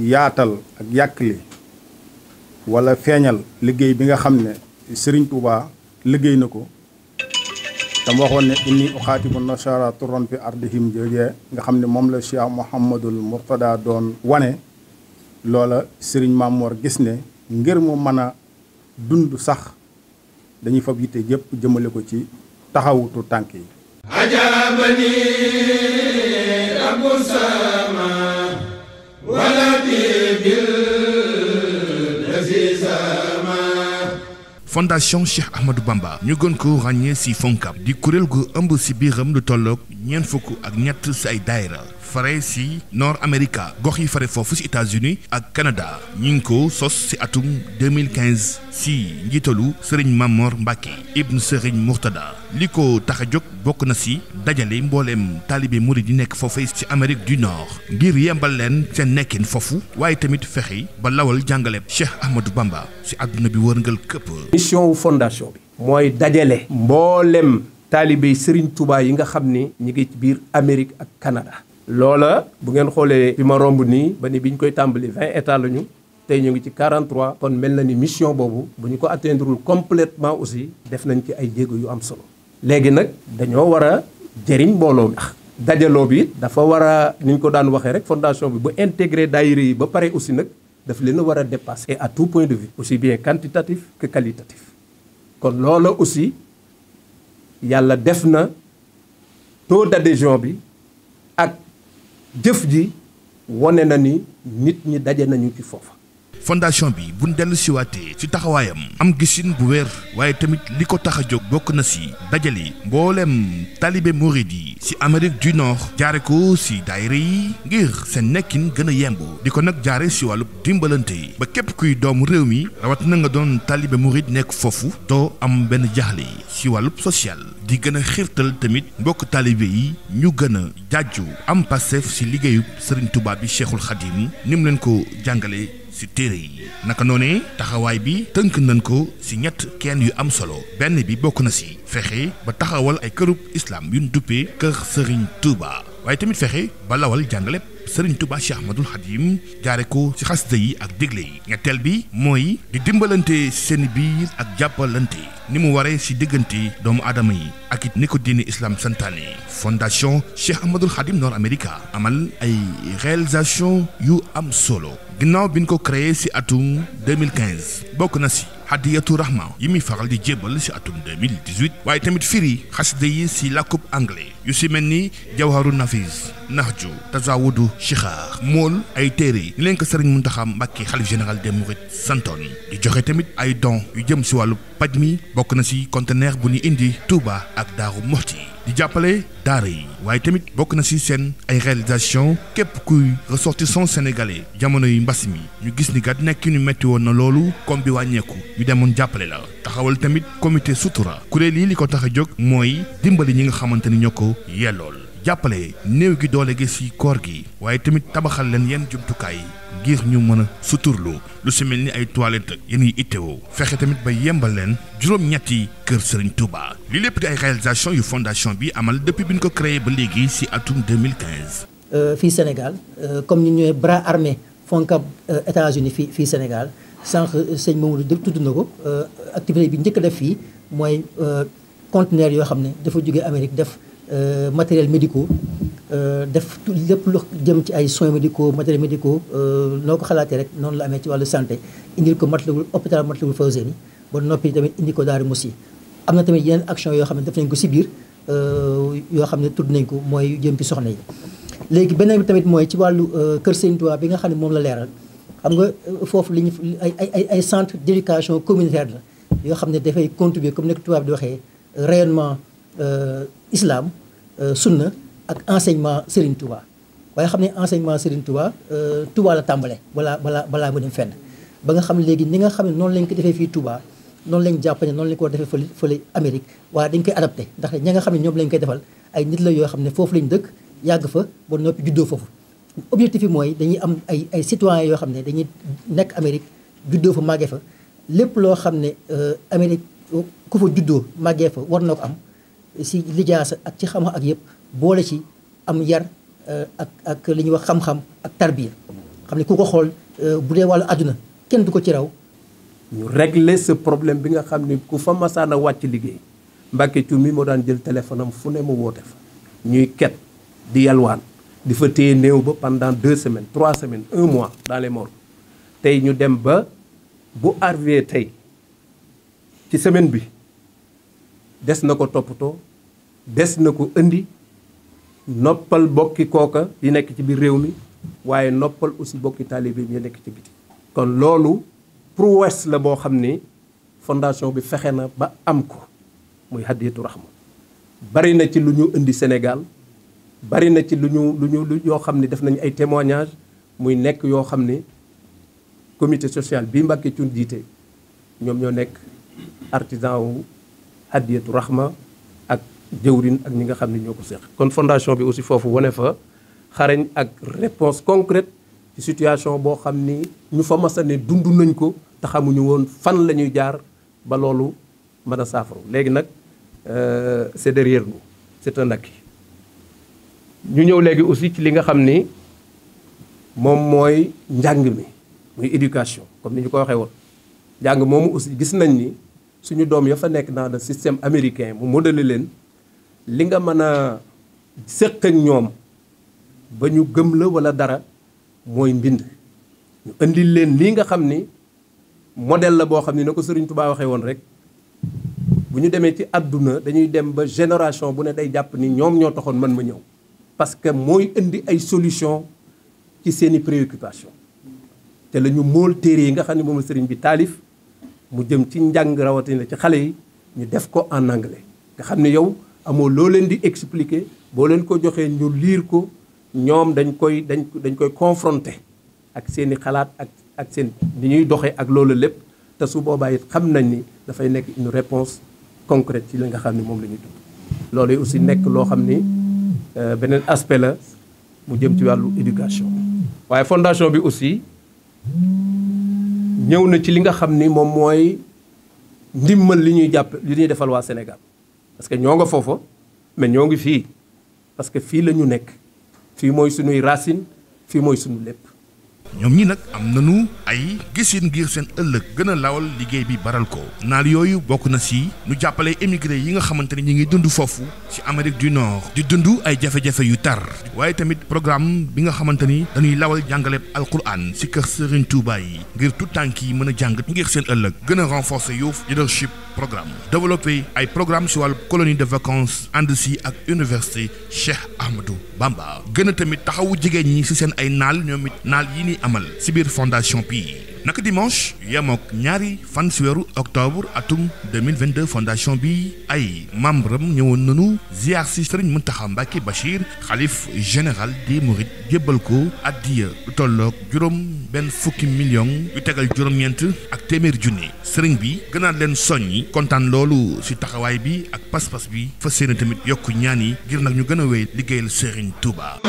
yaatal ak yàkkali wala feeñal liggéey bi nga xam ne sëriñ Touba liggéey na ko dama waxoon ne inni uxaatibu nasara turon fi ardihim joojee nga xam ne moom la Cheikh Mouhamadul Mourtada doon wane loola Serigne Mamoor gis ne ngir mu mën a dund sax dañuy fab yitte yëpp jëmale ko ci taxawutu tànk yi fondation Cheikh Ahmadou Bamba ñu gën ko ràññee ci FONCAB di kuréel gu ëmb ci biiram lu tollook ñeent fukk ak ñett ci ay daayira fare si Nord America gox yi fare foofu si États-Unis ak Canada ñu ngi ko sos si atum 2015 si njiitalu Serigne Mamor Mbacke ibn Serigne Mourtada li ko tax a jóg bokk na si dajale mbooleem taalibe murid di nekk foofee ci Amérique du Nord ngir yembal leen ca nekkin foofu waaye tamit fexe ba lawal jàngale Cheikh Ahmadou Bamba si àdduna bi wërngël këpp. mission wu fondation bi. mooy dajale. mboolem taalibe Serigne Touba yi nga xam ni ñu ngi ci biir Amérique ak Canada. loola bu ngeen xoolee fi ma romb nii ba ni bi ñu koy tàmbali 20 états la ñu tey ñu ngi ci 43 kon mel na ni mission boobu bu ñu ko atteindreul complètement aussi def nañ ci ay jéego yu am solo léegi nag dañoo war a jëriñ mbooloo dajaloo bi dafa war a ni ko daan waxee rek fondation bi bu intégré daayira yi ba pare aussi nag daf leen a war a dépasser à tout point de vue aussi bien quantitatif que qualitatif kon loola aussi yàlla def na taux d'adhésion bi jëf ji wane na ni nit ñi daje nañu ci foofa fondation bi bu dellu siwaatee ci taxawaayam am gisin bu weer waaye tamit li ko tax a jóg bokk na si dajali mbooleem talibe murid yi si Amérique du Nord jaare ko si daayira yi ngir seen nekkin gën a yemb di ko nag jaare si wàllu dimbalante yi ba képp kuy doomu réew mi rawat na nga doon talibe murid nekk foofu doo am benn jaaxle si wàllu social di gën a xiirtal tamit mbokk talibe yi ñu gën a jaaju am passeef si liggéeyub Serigne tubaab bi Cheikhul Khadim ni mu leen ko jàngale si téere yi naka noone taxawaay bi tënk nañ ko si ñett kenn yu am solo benn bi bokk na si fexe ba taxawal ay kërub islaam yu ñu duppee kër Serigne Touba waaye tamit fexe ba lawal jàngale Serigne Touba Cheikh Ahmadoul Khadim jaare ko ci xasida yi ak dégle yi ñetteel bi mooy di dimbalante seen biir ak jàppalante ni mu waree si diggante doomu aadama yi ak it ni ko diine islam santaane fondation Cheikh Ahmadoul Khadim Nord America amal ay réalisation yu am solo ginnaaw bi ñu ko créé ci atum 2015 bokk na ci hadiyatu rahma yi muy faral di jébbal ci atum 2018 waaye tamit firi xasida yi ci làkkub anglais yu si mel ni jawharu nafis nahju tazawudu shixaar mool ay téere ni leen ko sëriñ Muntaxa Mbàkke xalif général des mourides santoon di joxe tamit ay don yu jëm si wàllu paj mi bokk na si conteneur bu ñu indi Touba ak Daaru Moxti di jàppale daara yi waaye tamit bokk na si seen ay réalisation képp kuy ressortissant sénégalais jamono yi mbas mi ñu gis ni gat nekk ñu metti woon na loolu kom bi wàññeeku ñu demoon jàppale la taxawal tamit comité sutura kuréel yi li ko tax a jóg mooy dimbali ñi nga xamante ni ñoo ko yellool jàppale néew gi doole gi ci koor gi waaye tamit tabaxal leen yenn jumtukaay yi ngir ñu mën a suturlu lu si mel ni ay toilette ak yéen yi itteewoo fexe tamit ba yembal leen juróom-ñetti kër Serigne Touba li lépp di ay réalisation yu fondation bi amal depuis bi ñu ko créé ba léegi ci atum 2015. Euh, fii Sénégal euh, comme ni ñooy bras armé Foncab euh, États-Unis fi fii Sénégal sànq sëñ Mamadou dëgg tudd na ko activité bi njëkk a def fii mooy conteneur yoo xam ne dafa jóge Euh, matériel médicaux euh, def lépp lu jëm ci ay soins médicaux matériel médicaux euh, noo ko xalaatee rek noonu la amee ci wàllu santé indil ko Matlaboul hôpital Matlaboul Fawzeyni ba noppi tamit indi ko Daaru Musi am na tamit yeneen action yoo xam ne def nañ ko si biir yoo xam ne tudd nañ ko mooy jëm ci soxna yi léegi beneen bi tamit mooy ci wàllu kër Sëriñ Tuubaa bi nga xam ne moom la leeral xam nga foofu li ñu ay ay ay centre d'éducation communautaire la yoo xam ne dafay contribuer comme nekk tubaab di waxee rayonnement Euh, islam euh, sunna ak enseignement Serigne tubaa waaye xam ne enseignement Serigne Touba euh, Touba la tàmbale balaa balaa balaa mu dem fenn ba nga xam léegi ni nga xam ne noonu lañ ko defee fii Touba noonu lañ jàpp noonu lañ ko defee fële fële Amérique waaye dañ koy adapté ndax ña nga xam ne ñoom lañ koy defal ay nit la yoo xam ne foofu lañ dëkk yàgg fa ba noppi juddoo foofu objectif bi mooy dañuy am ay ay citoyens yoo xam ne dañuy nekk Amérique juddoo fa màggee fa lépp loo xam ne Amérique ku fa juddoo màggee fa war na ko am si sa ak ci xam ak yëpp boole ci am yar euh, ak ak li ñuy wax xam-xam ak tarbiya xam ne ku ko xool euh, bu dee wàllu àdduna kenn du ko ci raw ñu régler ce problème bi nga xam ne ku fa masaana wàcc liggéey Mbàkke Cuun mi moo daan jël téléphone am fu ne mu woote fa ñuy ket di yalwaan di fa téye néew ba pendant deux semaines trois semaines un mois dans les tey ñu dem ba bu arrivé tey ci semaine bi des na ko toppatoo des na ko indi noppal bokki kooka yi nekk ci biir réew mi waaye noppal aussi bokki bi yi nekk ci biti kon loolu prouesse la boo xam ni fondation bi fexe na ba am ko muy hadiyatu rahma bari na ci lu ñu indi Sénégal bari na ci lu ñu lu ñu lu yoo xam ne def nañu ay témoignages muy nekk yoo xam ne comité sociale bi Mbàkke Cuun jiite ñoom ñoo nekk artisan wu Hadiyatu Rahma ak jëwrin ak ñi nga xam ne ñoo ko seq kon fondation bi aussi foofu wane fa xarañ ak réponse concrète ci situation boo xam ni ñu fa masa ne dund nañ ko te xamuñu woon fan la ñuy jaar ba loolu mën a saafaru léegi nag euh, c'est derrière nous c'est un acquis ñu ñëw léegi aussi ci li nga xam ni moom mooy njàng mi muy éducation comme ni ñu ko waxee woon njàng moom aussi gis nañ ni suñu doom ya fa nekk naa le système américain mu modèle leen li nga mën a sëq ak ñoom ba ñu gëm la wala dara mooy mbind ñu indil leen lii nga xam ni modèle la boo xam ni na ko Sëriñ baa waxee woon rek bu ñu demee ci àdduna dañuy dem ba génération bu ne day jàpp ni ñoom ñoo taxoon man ma ñëw parce que mooy indi ay solution ci seeni préoccupation te la ñu móol téere yi nga xam ne moom la sëriñ bi taalif mu jëm ci njàng rawatina ci xale yi ñu def ko en anglais nga xam ne yow amoo loo leen di expliquer boo leen ko joxee ñu liir ko ñoom dañ koy dañ dañ koy confronté ak seeni xalaat ak ak seen ni ñuy doxee ak loolu lépp te su boobaa it xam nañ ni dafay nekk une réponse concrète ci li nga xam ni moom la ñuy dund loolu aussi nekk loo xam ni euh, beneen aspect la mu jëm ci wàllu éducation waaye fondation bi aussi ñëw na ci li nga xam ni moom mooy ndimmal li ñuy jàpp li ñuy defal waa Sénégal parce que ñoo nga foofa mais ñoo ngi fii parce que fii la ñu nekk fii mooy suñuy racine fii mooy suñu lépp ñoom ñi nag am nañu ay gisin ngir seen ëllëg gën a lawal liggéey bi baral ko naal yooyu bokk na si nu jàppale émigré yi nga xamante ni ñi ngi dundu foofu ci Amérique du Nord di dund ay jafe-jafe yu tar waaye tamit programme bi nga xamante ni dañuy lawal jàngaleeb alquran si kër Serigne Touba yi ngir tout tànk yi mën a jàng ngir seen ëllëg gën a renforcer yow leadership programme développé ay programme si wàllu colonie de vacances ànd si ak université Cheikh Ahmadou Bamba gëna tamit taxawu jigéen ñi si seen ay naal ñoom it naal yi ñuy amal si biir fondation bi naka dimanche yem ak ñaari fan si weeru octobre atum 2022 fondation bi ay membre am ñëwoon nañu ziar si Serigne Mountakha Mbacké Bachir xalif général des Mourides jébbal ko addiya lu tolloog juróom benn fukki million yu tegal juróom-ñeent ak téeméer junni sëriñ bi gënaat leen soññi kontaan loolu si taxawaay bi ak pas-pas bi fas yéene tamit yokk ñaan yi ngir nag ñu gën a wéy liggéeyal Serigne Touba.